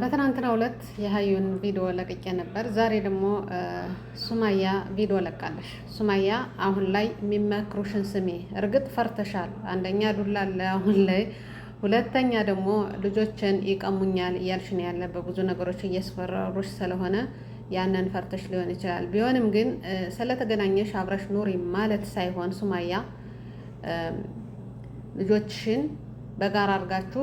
በትናንትና ሁለት የሀዩን ቪዲዮ ለቅቄ ነበር። ዛሬ ደግሞ ሱማያ ቪዲዮ ለቃለሽ። ሱማያ አሁን ላይ የሚመክሩሽን ስሜ እርግጥ ፈርተሻል። አንደኛ ዱላ አለ አሁን ላይ፣ ሁለተኛ ደግሞ ልጆችን ይቀሙኛል ነው ያለ በብዙ ነገሮች እያስፈራሩሽ ስለሆነ ያንን ፈርተሽ ሊሆን ይችላል። ቢሆንም ግን ስለተገናኘሽ አብረሽ ኑሪ ማለት ሳይሆን ሱማያ ልጆችሽን በጋራ አድርጋችሁ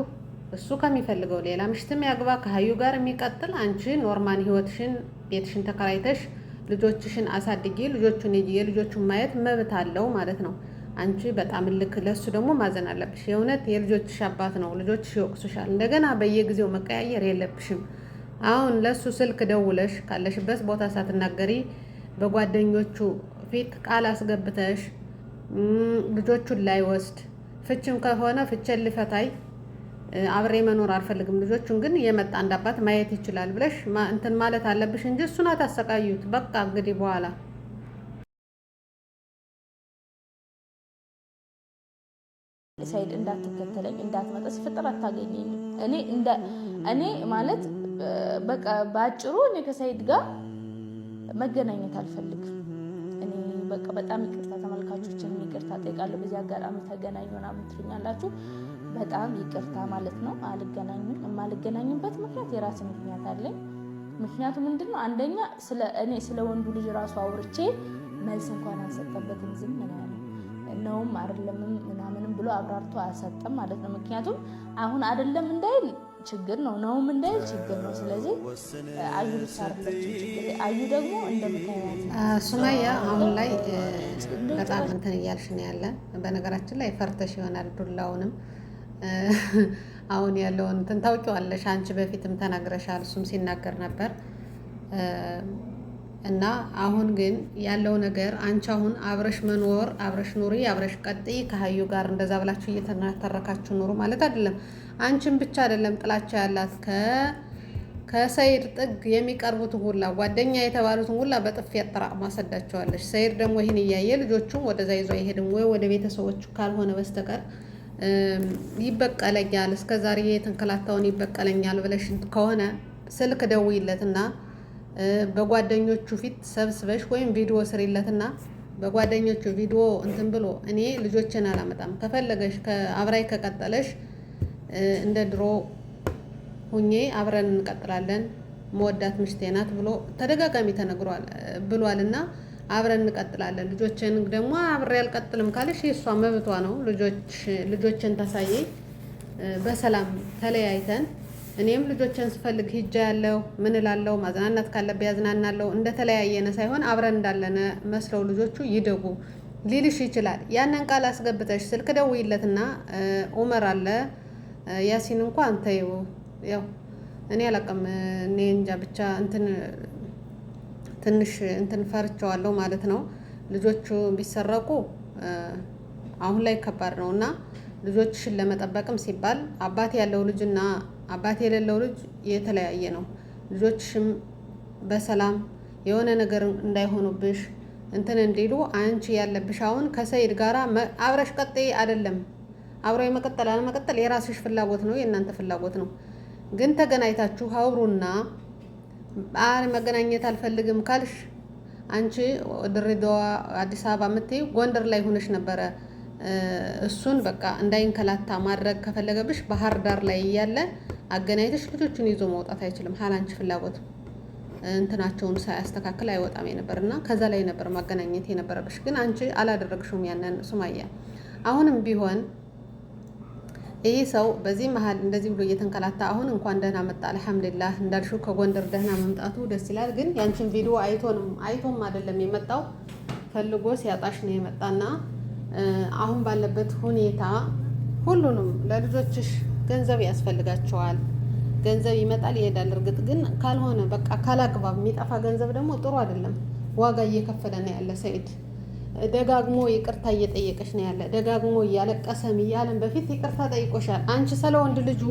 እሱ ከሚፈልገው ሌላ ምሽትም ያግባ ከሀዩ ጋር የሚቀጥል አንቺ ኖርማን ህይወትሽን ቤትሽን ተከራይተሽ ልጆችሽን አሳድጊ ልጆቹን የልጆቹን ማየት መብት አለው ማለት ነው። አንቺ በጣም ልክ ለሱ ደግሞ ማዘን አለብሽ። የእውነት የልጆችሽ አባት ነው። ልጆችሽ ይወቅሱሻል። እንደገና በየጊዜው መቀያየር የለብሽም። አሁን ለሱ ስልክ ደውለሽ ካለሽበት ቦታ ሳትናገሪ በጓደኞቹ ፊት ቃል አስገብተሽ ልጆቹን ላይወስድ ፍችም ከሆነ ፍቼን ልፈታይ አብሬ መኖር አልፈልግም፣ ልጆቹን ግን የመጣ አንድ አባት ማየት ይችላል ብለሽ እንትን ማለት አለብሽ እንጂ እሱን አታሰቃዩት። በቃ እንግዲህ በኋላ ሳይድ እንዳትከተለኝ እንዳትመጠስ ፍጥር አታገኘኝ። እኔ እኔ ማለት በቃ በአጭሩ እኔ ከሳይድ ጋር መገናኘት አልፈልግም። እኔ በቃ በጣም ይቅርታ ተመልካቾችን ይቅርታ ጠይቃለሁ። በዚህ አጋጣሚ ተገናኙ ምናምን ትሉኛላችሁ። በጣም ይቅርታ ማለት ነው። አልገናኝም። የማልገናኝበት ምክንያት የራስ ምክንያት አለኝ። ምክንያቱ ምንድን ነው? አንደኛ እኔ ስለ ወንዱ ልጅ ራሱ አውርቼ መልስ እንኳን አልሰጠበትም። ዝም ምናምን ነውም አይደለምም ምናምንም ብሎ አብራርቶ አልሰጠም ማለት ነው። ምክንያቱም አሁን አይደለም እንዳይል ችግር ነው ነውም እንዳይል ችግር ነው። ስለዚህ አዩ ችግር አዩ ደግሞ እንደምታያት ሱማያ አሁን ላይ በጣም እንትን እያልሽ ነው ያለ። በነገራችን ላይ ፈርተሽ ይሆናል ዱላውንም አሁን ያለውን እንትን ታውቂዋለሽ አንቺ በፊትም ተናግረሻል። እሱም ሲናገር ነበር እና አሁን ግን ያለው ነገር አንቺ አሁን አብረሽ መኖር አብረሽ ኑሪ አብረሽ ቀጥይ ከሀዩ ጋር እንደዛ ብላችሁ እየተናተረካችሁ ኑሩ ማለት አይደለም። አንቺን ብቻ አይደለም ጥላቻ ያላት ከሰይድ ጥግ የሚቀርቡትን ሁላ ጓደኛ የተባሉትን ሁላ በጥፊ አጠራቅማ ሰዳቸዋለች። ሰይድ ደግሞ ይህን እያየ ልጆቹም ወደዛ ይዞ አይሄድም ወይ ወደ ቤተሰቦቹ ካልሆነ በስተቀር ይበቀለኛል፣ እስከዛሬ የተንከላታውን ይበቀለኛል ብለሽ ከሆነ ስልክ ደውይለትና በጓደኞቹ ፊት ሰብስበሽ ወይም ቪዲዮ ስሪለትና በጓደኞቹ ቪዲዮ እንትን ብሎ እኔ ልጆችን አላመጣም ከፈለገሽ አብራይ ከቀጠለሽ እንደ ድሮ ሁኜ አብረን እንቀጥላለን መወዳት ምሽቴ ናት ብሎ ተደጋጋሚ ተነግሯል ብሏል እና አብረን እንቀጥላለን ልጆችን ደግሞ አብሬ አልቀጥልም ካለሽ የእሷ መብቷ ነው ልጆችን ታሳየኝ በሰላም ተለያይተን እኔም ልጆችን ስፈልግ ሂጃ ያለው ምን እላለሁ፣ ማዝናናት ካለብህ ያዝናናለሁ። እንደተለያየነ ሳይሆን አብረን እንዳለነ መስለው ልጆቹ ይደጉ ሊልሽ ይችላል። ያንን ቃል አስገብተሽ ስልክ ደውይለትና ኡመር አለ ያሲን እንኳን ተይው። ያው እኔ አላውቅም፣ እኔ እንጃ ብቻ እንትን ትንሽ እንትን ፈርቸዋለሁ ማለት ነው። ልጆቹ ቢሰረቁ አሁን ላይ ከባድ ነው እና ልጆችሽን ለመጠበቅም ሲባል አባት ያለው ልጅና አባት የሌለው ልጅ የተለያየ ነው። ልጆችሽም በሰላም የሆነ ነገር እንዳይሆኑብሽ እንትን እንዲሉ አንቺ ያለብሽ አሁን ከሰይድ ጋር አብረሽ ቀጥ አይደለም አብሮ መቀጠል አለመቀጠል የራስሽ ፍላጎት ነው፣ የእናንተ ፍላጎት ነው። ግን ተገናኝታችሁ አውሩና መገናኘት አልፈልግም ካልሽ አንቺ ድሬዳዋ፣ አዲስ አበባ የምትይው ጎንደር ላይ ሆነሽ ነበረ እሱን በቃ እንዳይንከላታ ማድረግ ከፈለገብሽ ባህር ዳር ላይ እያለ አገናኝተሽ ልጆቹን ይዞ መውጣት አይችልም። ሀላንች ፍላጎት እንትናቸውን ሳያስተካክል አይወጣም የነበር እና ከዛ ላይ ነበር ማገናኘት የነበረብሽ፣ ግን አንቺ አላደረግሽውም ያንን ሱማያ። አሁንም ቢሆን ይህ ሰው በዚህ መሀል እንደዚህ ብሎ እየተንከላታ አሁን እንኳን ደህና መጣ አልሐምዱሊላህ። እንዳልሽው ከጎንደር ደህና መምጣቱ ደስ ይላል። ግን ያንቺን ቪዲዮ አይቶንም አይቶም አይደለም የመጣው ፈልጎ ሲያጣሽ ነው የመጣና አሁን ባለበት ሁኔታ ሁሉንም ለልጆችሽ ገንዘብ ያስፈልጋቸዋል። ገንዘብ ይመጣል ይሄዳል። እርግጥ ግን ካልሆነ በቃ ካላግባብ የሚጠፋ ገንዘብ ደግሞ ጥሩ አይደለም። ዋጋ እየከፈለ ነው ያለ ሰይድ ደጋግሞ ይቅርታ እየጠየቀች ነው ያለ። ደጋግሞ እያለቀሰም እያለም በፊት ይቅርታ ጠይቆሻል። አንቺ ስለ ወንድ ልጁ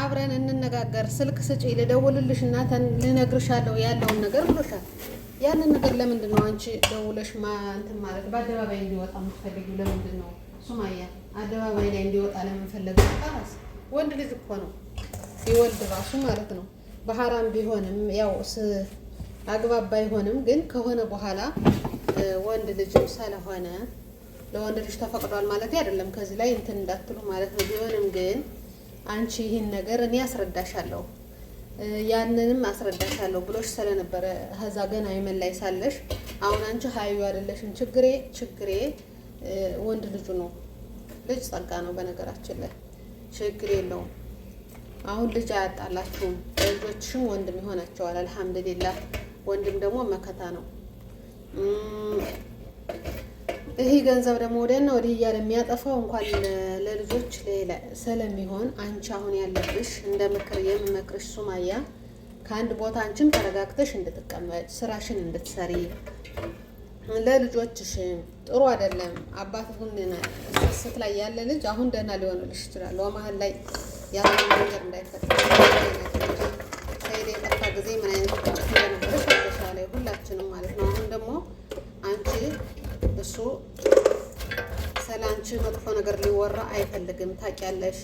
አብረን እንነጋገር፣ ስልክ ስጪ፣ ልደውልልሽ እና ልነግርሻለሁ ያለውን ነገር ብሎሻል። ያንን ነገር ለምንድን ነው አንቺ ደውለሽ እንትን ማለት በአደባባይ እንዲወጣ የምትፈልጊው ለምንድን ነው ሱማያ? አደባባይ ላይ እንዲወጣ ለምንፈለገ ራስ ወንድ ልጅ እኮ ነው ይወልድ ራሱ ማለት ነው። በሀራም ቢሆንም ያው አግባብ ባይሆንም ግን ከሆነ በኋላ ወንድ ልጅ ስለሆነ ለወንድ ልጅ ተፈቅዷል ማለት አይደለም። ከዚህ ላይ እንትን እንዳትሉ ማለት ነው። ቢሆንም ግን አንቺ ይህን ነገር እኔ ያስረዳሻለሁ ያንንም አስረዳሻለሁ ብሎሽ ስለነበረ ከዛ ገና የመን ሳለሽ አሁን አንቺ ሀዩ አይደለሽም። ችግሬ ችግሬ ወንድ ልጁ ነው። ልጅ ጸጋ ነው። በነገራችን ላይ ችግር የለውም። አሁን ልጅ አያጣላችሁም። ልጆችሽም ወንድም ይሆናቸዋል። አልሐምዱሊላህ። ወንድም ደግሞ መከታ ነው። ይሄ ገንዘብ ደግሞ ወዲያና ወዲህ እያለ የሚያጠፋው እንኳን ለልጆች ሌላ ስለሚሆን አንቺ አሁን ያለብሽ እንደ ምክር የምመክርሽ ሱማያ ከአንድ ቦታ አንቺም ተረጋግተሽ እንድትቀመጭ ስራሽን እንድትሰሪ ለልጆችሽ ጥሩ አይደለም። አባት ስስት ላይ ያለ ልጅ አሁን ደህና ሊሆንልሽ ይችላል። ለመሀል ላይ ያለ ነገር እንዳይፈጠር የጠፋ ጊዜ ምን አይነት ሁላችንም ማለት ነው። አሁን ደግሞ አንቺ እሱ ስለ መጥፎ ነገር ሊወራ አይፈልግም። ታውቂያለሽ፣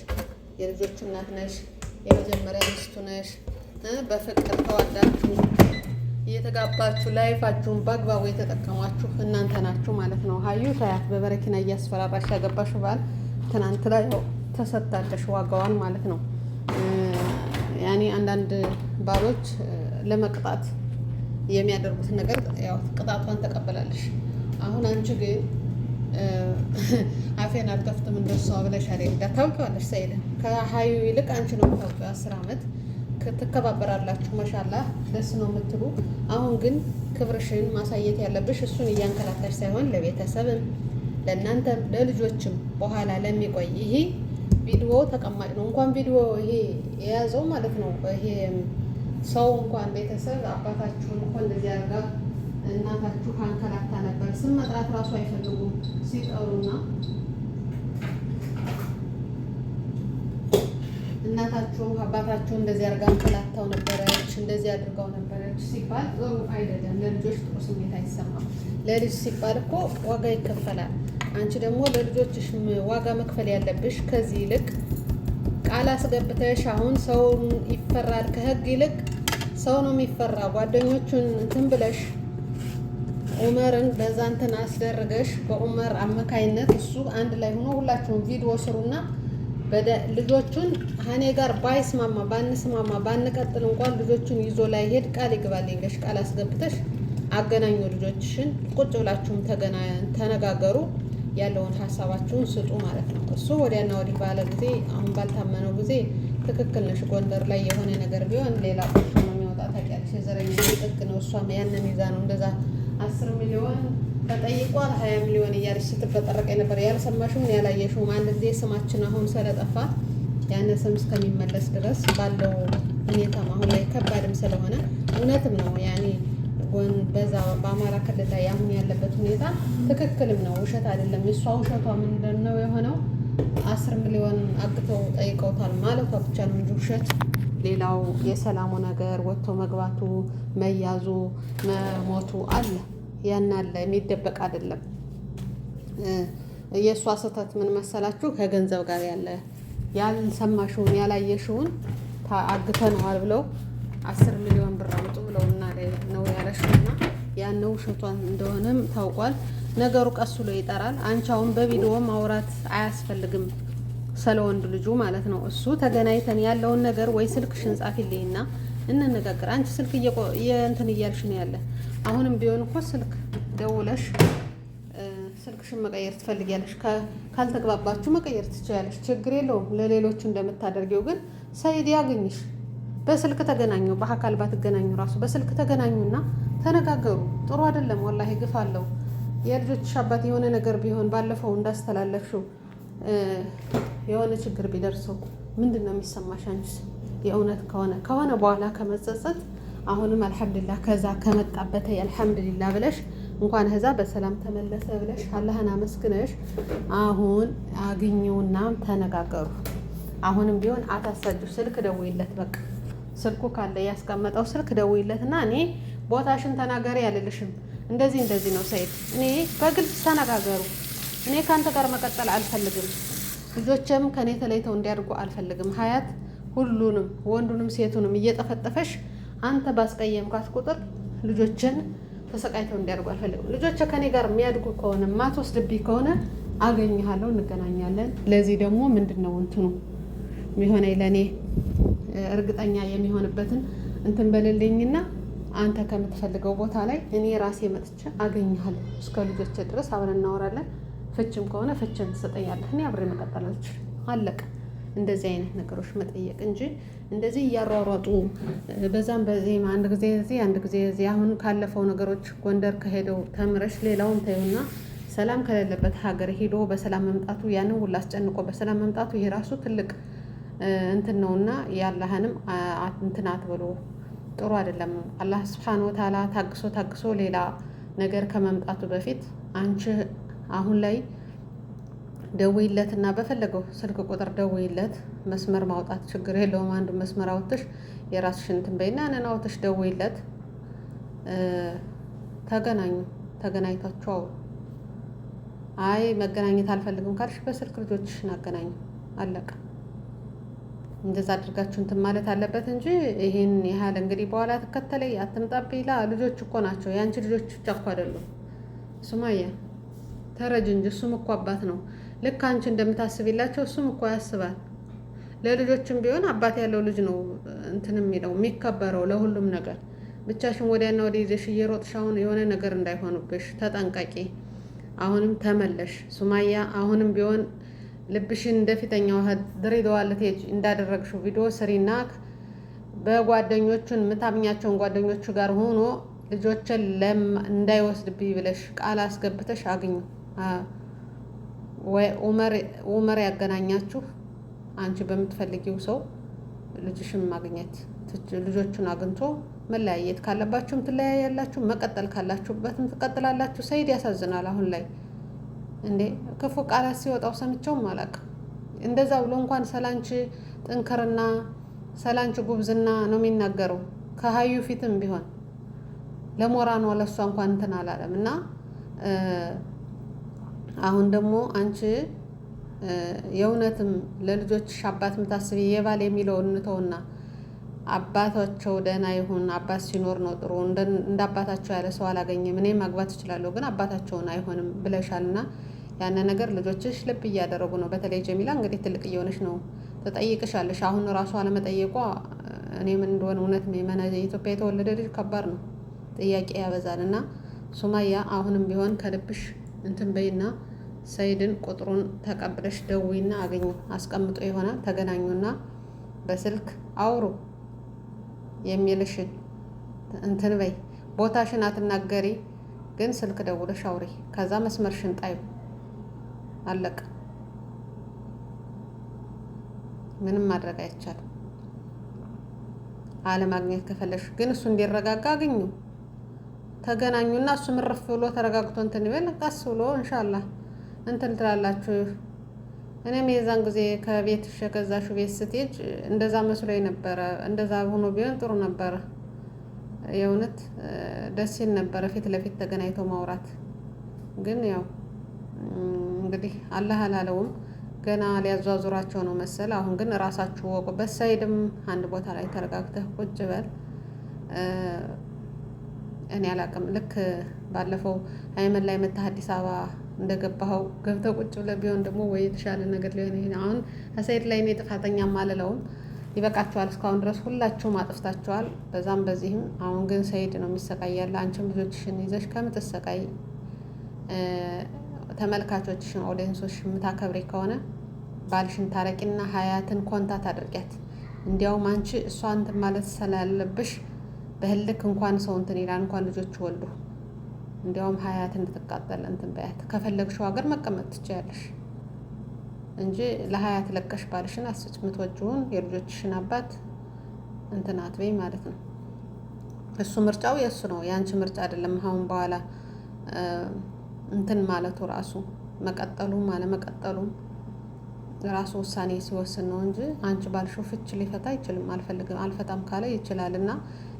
የልጆቹ እናት ነሽ፣ የመጀመሪያ ሚስቱ ነሽ። በፍቅር ተዋዳችሁ እየተጋባችሁ ላይፋችሁን በአግባቡ የተጠቀሟችሁ እናንተ ናችሁ ማለት ነው። ሀዩ ታያት በበረኪና እያስፈራራሽ ያገባሽ ባል ትናንት ላይ ተሰጥታለሽ ዋጋዋን ማለት ነው። ያኔ አንዳንድ ባሎች ለመቅጣት የሚያደርጉት ነገር ያው ቅጣቷን ተቀበላለሽ። አሁን አንቺ ግን አፌን አልከፍትም እንደሷ ብለሽ አልሄዳ ታውቂዋለሽ። ሰይለ ከሀዩ ይልቅ አንቺ ነው የምታውቂው። አስር አመት ትከባበራላችሁ። መሻላ ደስ ነው የምትሉ። አሁን ግን ክብርሽን ማሳየት ያለብሽ እሱን እያንከላከልሽ ሳይሆን ለቤተሰብም፣ ለእናንተም፣ ለልጆችም በኋላ ለሚቆይ ይሄ ቪዲዮ ተቀማጭ ነው። እንኳን ቪዲዮ ይሄ የያዘው ማለት ነው። ይሄ ሰው እንኳን ቤተሰብ አባታችሁን እንኳን እንደዚህ ያደርጋል እናታችሁ ካንከራታ ነበር። ስም መጥራት ራሱ አይፈልጉም ሲጠሩና እናታችሁ አባታችሁ እንደዚህ አድርጋ አንከላታው ነበረች፣ እንደዚህ አድርጋው ነበረች ሲባል ጥሩ አይደለም። ለልጆች ጥሩ ስሜት አይሰማም። ለልጅ ሲባል እኮ ዋጋ ይከፈላል። አንቺ ደግሞ ለልጆችሽ ዋጋ መክፈል ያለብሽ ከዚህ ይልቅ ቃል አስገብተሽ አሁን ሰው ይፈራል ከህግ ይልቅ ሰው ነው የሚፈራ ጓደኞቹን እንትን ብለሽ ኡመርን በዛ እንትን አስደርገሽ በኡመር አመካኝነት እሱ አንድ ላይ ሆኖ ሁላችሁም ቪዲዮ ስሩና ልጆቹን ከኔ ጋር ባይስማማ ባንስማማ ባንቀጥል እንኳን ልጆቹን ይዞ ላይ ሄድ ቃል ይግባልኝ ብለሽ ቃል አስገብተሽ አገናኙ። ልጆችሽን ቁጭ ብላችሁም ተነጋገሩ፣ ያለውን ሀሳባችሁን ስጡ ማለት ነው። እሱ ወዲያና ወዲህ ባለ ጊዜ አሁን ባልታመነው ጊዜ ትክክል ነሽ። ጎንደር ላይ የሆነ ነገር ቢሆን ሌላ ቆሽ ነው የሚወጣ ታውቂያለሽ። የዘረኛ ጥቅ ነው። እሷም ያንን ይዛ ነው እንደዛ አስር ሚሊዮን ተጠይቋል ሀያ ሚሊዮን እያለች ስትበጠረቀኝ ነበር። ያልሰማሽውን ያላየሽውም አንድ ጊዜ ስማችን አሁን ስለጠፋ ያነ ስም እስከሚመለስ ድረስ ባለው ሁኔታም አሁን ላይ ከባድም ስለሆነ እውነትም ነው ያኔ ጎን በዛ በአማራ ክልል ላይ አሁን ያለበት ሁኔታ ትክክልም ነው፣ ውሸት አይደለም። እሷ ውሸቷ ምንድን ነው የሆነው አስር ሚሊዮን አግተው ጠይቀውታል ማለቷ ብቻ ነው እንጂ ውሸት ሌላው የሰላሙ ነገር ወጥቶ መግባቱ፣ መያዙ፣ መሞቱ አለ። ያን አለ የሚደበቅ አይደለም። የእሷ ስህተት ምን መሰላችሁ? ከገንዘብ ጋር ያለ ያልሰማሽውን ያላየሽውን አግተነዋል ብለው አስር ሚሊዮን ብር አምጡ ብለው እና ነው ያለሽና ያነው ውሸቷን እንደሆነም ታውቋል። ነገሩ ቀስ ብሎ ይጠራል። አንቺ አሁን በቪዲዮ ማውራት አያስፈልግም። ሰለወንድ ልጁ ማለት ነው። እሱ ተገናኝተን ያለውን ነገር ወይ ስልክሽን ጻፊልኝና እንነጋገር። አንቺ ስልክ እንትን እያልሽ ነው ያለ። አሁንም ቢሆን እኮ ስልክ ደውለሽ ስልክሽን መቀየር ትፈልጊያለሽ። ካልተግባባችሁ መቀየር ትችያለሽ። ችግር የለውም። ለሌሎቹ እንደምታደርጊው ግን ሰይድ ያገኝሽ። በስልክ ተገናኙ። በአካል ባትገናኙ ራሱ በስልክ ተገናኙና ተነጋገሩ። ጥሩ አይደለም። ወላሂ ግፍ አለው። የልጆችሽ አባት የሆነ ነገር ቢሆን ባለፈው እንዳስተላለፍሽው የሆነ ችግር ቢደርሰው ምንድን ነው የሚሰማሽ? አንቺስ የእውነት ከሆነ ከሆነ በኋላ ከመጸጸት አሁንም አልሐምድላ ከዛ ከመጣበት አልሐምድሊላ ብለሽ እንኳን ህዛ በሰላም ተመለሰ ብለሽ አላህን አመስግነሽ አሁን አግኙና ተነጋገሩ። አሁንም ቢሆን አታሳጁ። ስልክ ደውይለት፣ በቃ ስልኩ ካለ ያስቀመጠው ስልክ ና እኔ ቦታሽን ተናገሪ አልልሽም፣ እንደዚህ እንደዚህ ነው ሰይድ፣ እኔ በግልጽ ተነጋገሩ። እኔ ከአንተ ጋር መቀጠል አልፈልግም። ልጆችም ከእኔ ተለይተው እንዲያድጉ አልፈልግም። ሀያት ሁሉንም ወንዱንም ሴቱንም እየጠፈጠፈሽ አንተ ባስቀየምካት ቁጥር ልጆችን ተሰቃይተው እንዲያድጉ አልፈልግም። ልጆች ከእኔ ጋር የሚያድጉ ከሆነ ማትወስድብኝ ከሆነ አገኘሃለሁ፣ እንገናኛለን። ለዚህ ደግሞ ምንድን ነው እንትኑ የሚሆነ ለእኔ እርግጠኛ የሚሆንበትን እንትን በልልኝና አንተ ከምትፈልገው ቦታ ላይ እኔ ራሴ መጥቼ አገኘሃለሁ። እስከ ልጆች ድረስ አብረን እናወራለን። ፍችም ከሆነ ፍችን ትሰጠኛለህ፣ እኔ አብሬ መቀጠል አልችልም። አለቀ። እንደዚህ አይነት ነገሮች መጠየቅ እንጂ እንደዚህ እያሯሯጡ በዛም በዚህም አንድ ጊዜ እዚህ አንድ ጊዜ እዚህ አሁን ካለፈው ነገሮች ጎንደር ከሄደው ተምረሽ ሌላውን ተይውና ሰላም ከሌለበት ሀገር ሄዶ በሰላም መምጣቱ ያንን ሁላ አስጨንቆ በሰላም መምጣቱ ይሄ ራሱ ትልቅ እንትን ነውና ያለህንም እንትን አትብሎ ጥሩ አይደለም። አላህ ስብሓን ወተዓላ ታግሶ ታግሶ ሌላ ነገር ከመምጣቱ በፊት አንቺ አሁን ላይ ደውይለት እና በፈለገው ስልክ ቁጥር ደውይለት። መስመር ማውጣት ችግር የለውም። አንዱ መስመር አውጥሽ የራስሽን እንትን በይና ያንን አውጥሽ ደውይለት። ተገናኙ፣ ተገናኝታችሁ አውሩ። አይ መገናኘት አልፈልግም ካልሽ በስልክ ልጆችሽን አገናኙ። አለቀ። እንደዛ አድርጋችሁ እንትን ማለት አለበት እንጂ ይህን ያህል እንግዲህ በኋላ ትከተለይ አትምጣብኝ ይላ ልጆች እኮ ናቸው። የአንቺ ልጆች ብቻ እኮ አይደሉም ሱማያ ተረጅ እንጂ እሱም እኮ አባት ነው። ልክ አንቺ እንደምታስቢላቸው እሱም እኮ ያስባል። ለልጆችም ቢሆን አባት ያለው ልጅ ነው እንትን የሚለው የሚከበረው ለሁሉም ነገር። ብቻሽን ወዲያና ወደ ይዘሽ እየሮጥሽ አሁን የሆነ ነገር እንዳይሆኑብሽ ተጠንቀቂ። አሁንም ተመለሽ ሱማያ። አሁንም ቢሆን ልብሽን እንደፊተኛው ድሬዳዋ ልትሄጂ እንዳደረግሽው ቪዲዮ ስሪና በጓደኞቹን ምታምኛቸውን ጓደኞቹ ጋር ሆኖ ልጆችን እንዳይወስድብኝ ብለሽ ቃል አስገብተሽ አግኙ። ኡመር ያገናኛችሁ አንቺ በምትፈልጊው ሰው ልጅሽን ማግኘት ልጆቹን አግኝቶ መለያየት ካለባችሁም ትለያያላችሁ፣ መቀጠል ካላችሁበትም ትቀጥላላችሁ። ሰይድ ያሳዝናል። አሁን ላይ እንዴ ክፉ ቃላት ሲወጣው ሰምቸውም አላውቅም። እንደዛ ብሎ እንኳን ሰላንቺ ጥንክርና ሰላንቺ ጉብዝና ነው የሚናገረው። ከሀዩ ፊትም ቢሆን ለሞራኗ ለእሷ እንኳን እንትን አላለም እና አሁን ደግሞ አንቺ የእውነትም ለልጆችሽ አባት የምታስቢ የባል የሚለው እንተውና አባታቸው ደህና ይሁን። አባት ሲኖር ነው ጥሩ። እንደ አባታቸው ያለ ሰው አላገኘም። እኔ ማግባት እችላለሁ፣ ግን አባታቸውን አይሆንም ብለሻልና ያን ነገር ልጆችሽ ልብ እያደረጉ ነው። በተለይ ጀሚላ እንግዲህ ትልቅ እየሆነች ነው፣ ተጠይቅሻለሽ። አሁን ራሱ አለመጠየቋ እኔ ምን እንደሆነ እውነት ኢትዮጵያ የተወለደ ልጅ ከባድ ነው፣ ጥያቄ ያበዛል። እና ሱማያ አሁንም ቢሆን ከልብሽ እንትን በይና ሰይድን ቁጥሩን ተቀብለሽ ደውይና አገኙ አስቀምጦ የሆነ ተገናኙና በስልክ አውሩ የሚልሽን እንትን በይ ቦታሽን አትናገሪ ግን ስልክ ደውለሽ አውሪ ከዛ መስመርሽን ጣዩ አለቀ ምንም ማድረግ አይቻልም አለማግኘት ከፈለሽ ግን እሱ እንዲረጋጋ አገኙ ተገናኙና እሱ ምርፍ ብሎ ተረጋግቶ እንትን ይበል። ቀስ ብሎ እንሻላ እንትን ትላላችሁ። እኔም የዛን ጊዜ ከቤት ከዛሹ ቤት ስትሄጅ እንደዛ መስሎ ነበረ። እንደዛ ሆኖ ቢሆን ጥሩ ነበረ። የእውነት ደስ ይል ነበረ ፊት ለፊት ተገናኝቶ ማውራት። ግን ያው እንግዲህ አላህ አላለውም ገና ሊያዟዙራቸው ነው መሰል። አሁን ግን ራሳችሁ ወቁ። በሳይድም አንድ ቦታ ላይ ተረጋግተህ ቁጭ በል እኔ አላቅም። ልክ ባለፈው አይመን ላይ መታ አዲስ አበባ እንደገባኸው ገብተ ቁጭ ብለህ ቢሆን ደግሞ ወይ የተሻለ ነገር ሊሆን ይሄ አሁን ከሰይድ ላይ እኔ ጥፋተኛ አልለውም። ይበቃቸዋል። እስካሁን ድረስ ሁላችሁም አጥፍታችኋል፣ በዛም በዚህም። አሁን ግን ሰይድ ነው ያለ። አንቺም ልጆችሽን ይዘሽ ከምትሰቃይ ተመልካቾችሽን ኦዲየንሶች የምታከብሪ ከሆነ ባልሽን ታረቂና ሀያትን ኮንታት አድርጊያት። እንዲያውም አንቺ እሷ እንትን ማለት ስላለብሽ በህልክ እንኳን ሰው እንትን ይላል እንኳን ልጆች ወልዱ። እንዲያውም ሀያት እንድትቃጠል እንትን በያት። ከፈለግሽው ሀገር መቀመጥ ትችያለሽ እንጂ ለሀያት ለቀሽ ባልሽን አስጭ ምትወጂውን የልጆችሽን አባት እንትናት አትበይ ማለት ነው። እሱ ምርጫው የእሱ ነው፣ የአንቺ ምርጫ አይደለም። አሁን በኋላ እንትን ማለቱ ራሱ መቀጠሉም አለመቀጠሉም ራሱ ውሳኔ ሲወስን ነው እንጂ አንቺ ባልሽው ፍች ሊፈታ አይችልም። አልፈልግም አልፈታም ካለ ይችላል እና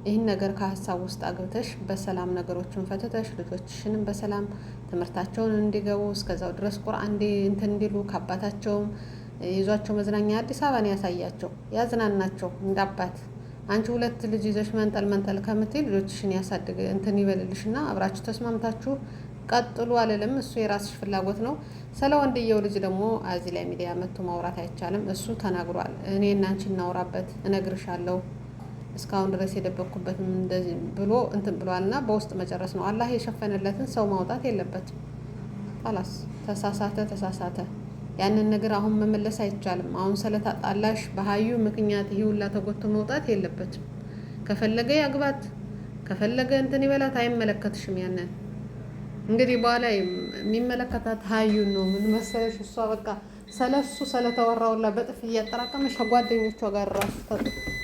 ይህን ነገር ከሀሳብ ውስጥ አግብተሽ በሰላም ነገሮችን ፈትተሽ ልጆችሽንም በሰላም ትምህርታቸውን እንዲገቡ እስከዛው ድረስ ቁርአን እንትን እንዲሉ ከአባታቸውም ይዟቸው መዝናኛ አዲስ አበባን ያሳያቸው፣ ያዝናናቸው እንደ አባት አንቺ ሁለት ልጅ ይዘሽ መንጠል መንጠል ከምትይ ልጆችሽን ያሳድግ እንትን ይበልልሽና አብራችሁ ተስማምታችሁ ቀጥሉ አልልም። እሱ የራስሽ ፍላጎት ነው። ስለ ወንድየው ልጅ ደግሞ አዚ ላይ ሚዲያ መጥቶ ማውራት አይቻልም። እሱ ተናግሯል። እኔ እናንቺ እናውራበት እነግርሻለሁ እስካሁን ድረስ የደበቅኩበትም እንደዚህ ብሎ እንትን ብሏልና በውስጥ መጨረስ ነው። አላህ የሸፈነለትን ሰው ማውጣት የለበትም። ላስ ተሳሳተ ተሳሳተ ያንን ነገር አሁን መመለስ አይቻልም። አሁን ስለታጣላሽ በሀዩ ምክንያት ይህ ሁላ ተጎቶ መውጣት የለበትም። ከፈለገ ያግባት፣ ከፈለገ እንትን ይበላት፣ አይመለከትሽም። ያንን እንግዲህ በኋላ የሚመለከታት ሀዩን ነው። ምን መሰለሽ እሷ በቃ ስለሱ ስለተወራውላ በጥፍ እያጠራቀመች ከጓደኞቿ ጋር ራሱ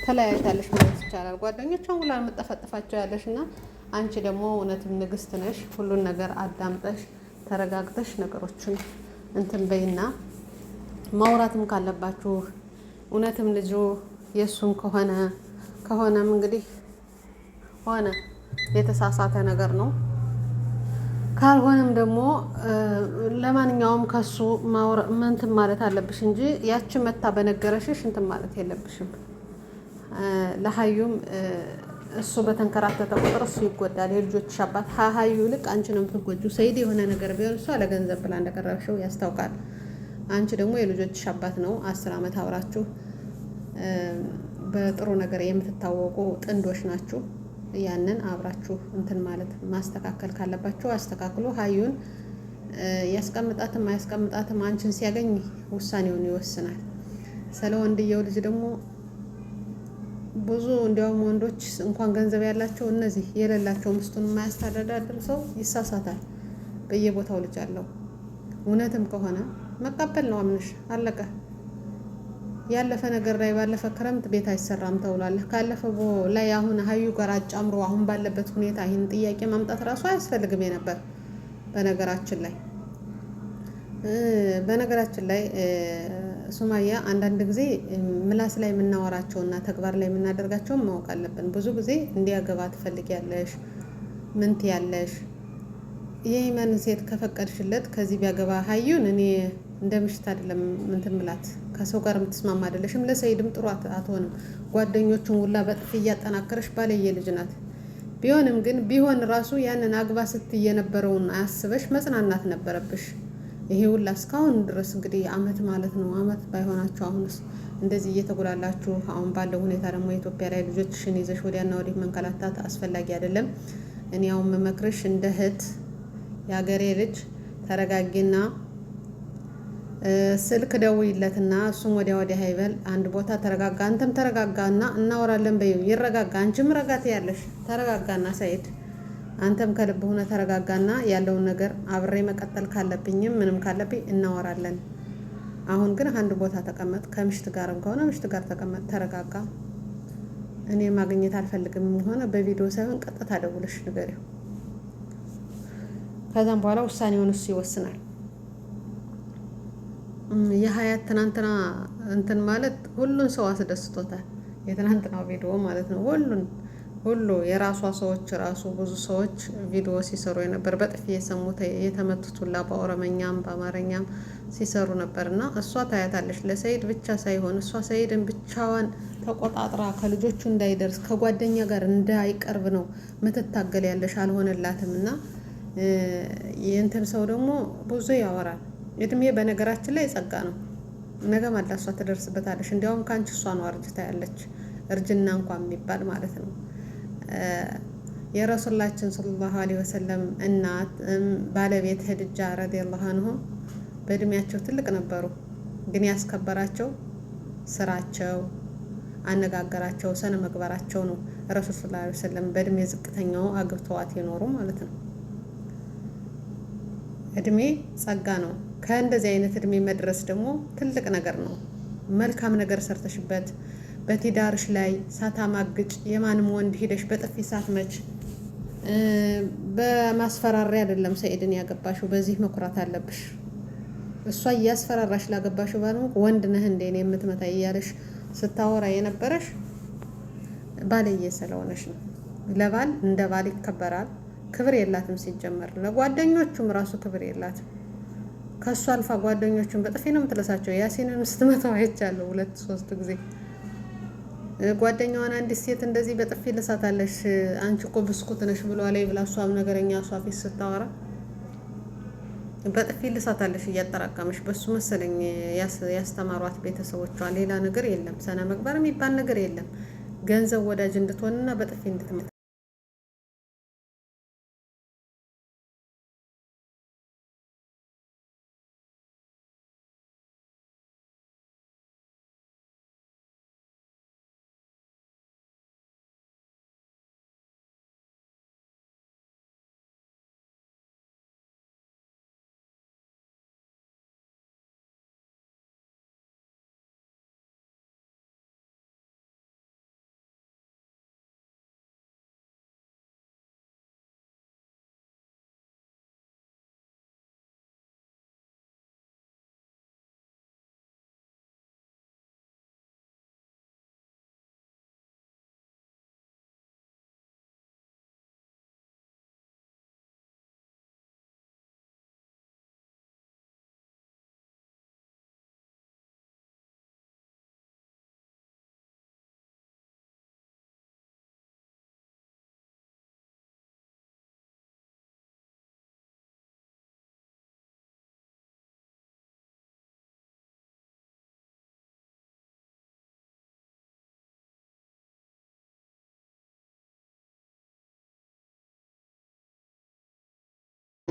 ተለያይታለሽ ማለት ይቻላል። ጓደኞቿ ሁላ መጠፈጥፋቸው ያለሽ እና አንቺ ደግሞ እውነትም ንግስት ነሽ። ሁሉን ነገር አዳምጠሽ ተረጋግተሽ ነገሮችን እንትን በይና ማውራትም ካለባችሁ እውነትም ልጁ የእሱም ከሆነ ከሆነም እንግዲህ ሆነ የተሳሳተ ነገር ነው። ካልሆነም ደግሞ ለማንኛውም ከሱ እንትን ማለት አለብሽ እንጂ ያቺ መታ በነገረሽሽ እንትን ማለት የለብሽም። ለሀዩም እሱ በተንከራተተ ቁጥር እሱ ይጎዳል። የልጆች አባት ሀዩ ይልቅ አንቺ ነው የምትጎጂው። ሰይድ የሆነ ነገር ቢሆን እሷ ለገንዘብ ብላ እንደቀረብሽው ያስታውቃል። አንቺ ደግሞ የልጆችሽ አባት ነው። አስር ዓመት አብራችሁ በጥሩ ነገር የምትታወቁ ጥንዶች ናችሁ። ያንን አብራችሁ እንትን ማለት ማስተካከል ካለባችሁ አስተካክሎ ሀዩን ያስቀምጣትም አያስቀምጣትም አንቺን ሲያገኝ ውሳኔውን ይወስናል። ስለ ወንድየው ልጅ ደግሞ ብዙ እንዲያውም ወንዶች እንኳን ገንዘብ ያላቸው እነዚህ የሌላቸው ምስቱን የማያስተዳድር ሰው ይሳሳታል። በየቦታው ልጅ አለው። እውነትም ከሆነ መቀበል ነው አምነሽ አለቀ። ያለፈ ነገር ላይ ባለፈ ክረምት ቤት አይሰራም ተብሏለህ። ካለፈ ላይ አሁን ሀዩ ጋር አጫምሮ አሁን ባለበት ሁኔታ ይህን ጥያቄ ማምጣት ራሱ አያስፈልግም ነበር። በነገራችን ላይ በነገራችን ላይ ሱማያ አንዳንድ ጊዜ ምላስ ላይ የምናወራቸውና ተግባር ላይ የምናደርጋቸውን ማወቅ አለብን። ብዙ ጊዜ እንዲያገባ ትፈልጊያለሽ፣ ምን ትያለሽ? የየመን ሴት ከፈቀድሽለት ከዚህ ቢያገባ ሀዩን እኔ እንደ ምሽት አይደለም እንትን ምላት ከሰው ጋር የምትስማማ አይደለሽም። ለሰይድም ጥሩ አትሆንም። ጓደኞቹን ውላ በጥፊ እያጠናከረሽ ባለየ ልጅ ናት። ቢሆንም ግን ቢሆን ራሱ ያንን አግባ ስትይ የነበረውን አያስበሽ መጽናናት ነበረብሽ። ይሄ ሁላ እስካሁን ድረስ እንግዲህ አመት ማለት ነው አመት ባይሆናችሁ አሁንስ እንደዚህ እየተጎላላችሁ አሁን ባለው ሁኔታ ደግሞ ኢትዮጵያ ላይ ልጆችሽን ይዘሽ ወዲያና ወዲህ መንከላታት አስፈላጊ አይደለም። እኔ አሁን መመክርሽ እንደ እህት የሀገሬ ልጅ ተረጋጊና ስልክ ደውይለትና እሱም ወዲያ ወዲያ ሀይበል አንድ ቦታ ተረጋጋ። አንተም ተረጋጋና እናወራለን በይው። ይረጋጋ። አንቺም ረጋት ያለሽ ተረጋጋና ሰይድ አንተም ከልብ ሆነ ተረጋጋና ያለውን ነገር አብሬ መቀጠል ካለብኝም ምንም ካለብኝ እናወራለን። አሁን ግን አንድ ቦታ ተቀመጥ። ከምሽት ጋርም ከሆነ ምሽት ጋር ተቀመጥ። ተረጋጋ። እኔ ማግኘት አልፈልግም ሆነ በቪዲዮ ሳይሆን ቀጥታ ደውለሽ ንገሪው። ከዛም በኋላ ውሳኔውን እሱ ይወስናል። የሀያት ትናንትና እንትን ማለት ሁሉን ሰው አስደስቶታል። የትናንትናው ቪዲዮ ማለት ነው። ሁሉን ሁሉ የራሷ ሰዎች ራሱ ብዙ ሰዎች ቪዲዮ ሲሰሩ የነበር በጥፊ የሰሙት የተመቱት ሁላ በኦሮመኛም በአማርኛም ሲሰሩ ነበር። እና እሷ ታያታለች ለሰይድ ብቻ ሳይሆን እሷ ሰይድን ብቻዋን ተቆጣጥራ ከልጆቹ እንዳይደርስ ከጓደኛ ጋር እንዳይቀርብ ነው ምትታገል ያለሽ አልሆነላትም። እና የእንትን ሰው ደግሞ ብዙ ያወራል እድሜ በነገራችን ላይ ጸጋ ነው። ነገ ማላሷ ትደርስበታለች። እንዲያውም ከአንቺ እሷ ነው አርጅታ ያለች እርጅና እንኳን የሚባል ማለት ነው። የረሱላችን ሰለላሁ አለይሂ ወሰለም እናት ባለቤት ኸዲጃ ረዲየላሁ አንሁ በእድሜያቸው ትልቅ ነበሩ፣ ግን ያስከበራቸው ስራቸው፣ አነጋገራቸው፣ ሰነ መግበራቸው ነው። ረሱል ሰለላሁ አለይሂ ወሰለም በእድሜ ዝቅተኛው አግብተዋት የኖሩ ማለት ነው። እድሜ ጸጋ ነው። ከእንደዚህ አይነት እድሜ መድረስ ደግሞ ትልቅ ነገር ነው። መልካም ነገር ሰርተሽበት በትዳርሽ ላይ ሳታማግጭ የማንም ወንድ ሄደሽ በጥፊ ሳትመች በማስፈራሪያ አይደለም ሰኢድን ያገባሽው። በዚህ መኩራት አለብሽ። እሷ እያስፈራራሽ ላገባሽው ባለ ወንድ ነህ እንዴ እኔ የምትመታ እያለሽ ስታወራ የነበረሽ ባልየ ስለሆነሽ ነው። ለባል እንደ ባል ይከበራል። ክብር የላትም ሲጀመር፣ ለጓደኞቹም ራሱ ክብር የላትም። ከእሱ አልፋ ጓደኞቹን በጥፊ ነው የምትለሳቸው። ያሲንን ስትመታው አይቻለሁ ሁለት ሶስት ጊዜ። ጓደኛዋን አንዲት ሴት እንደዚህ በጥፊ ልሳታለሽ፣ አንቺ እኮ ብስኩት ነሽ ብሏ ላይ ብላ እሷም ነገረኛ እሷ ፊት ስታወራ በጥፊ ልሳታለሽ እያጠራቀመሽ በሱ መሰለኝ ያስተማሯት ቤተሰቦቿ። ሌላ ነገር የለም፣ ሰነ መግባር የሚባል ነገር የለም። ገንዘብ ወዳጅ እንድትሆንና በጥፊ እንድትመ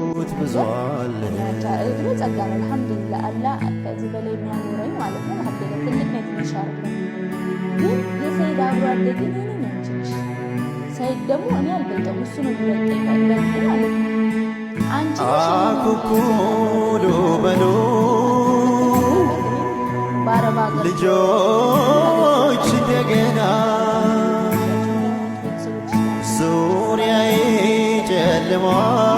ያየሁት ብዙ አለ። ጸጋ ነው አልሐምዱሊላህ። ከዚህ በላይ የሚያኖረኝ ማለት ነው። ግን የሰይድ አብሮ ሰይድ ደግሞ እኔ አልበልጠም እሱ ነው ልጆች እንደገና ዙሪያዬ ጨልሟል።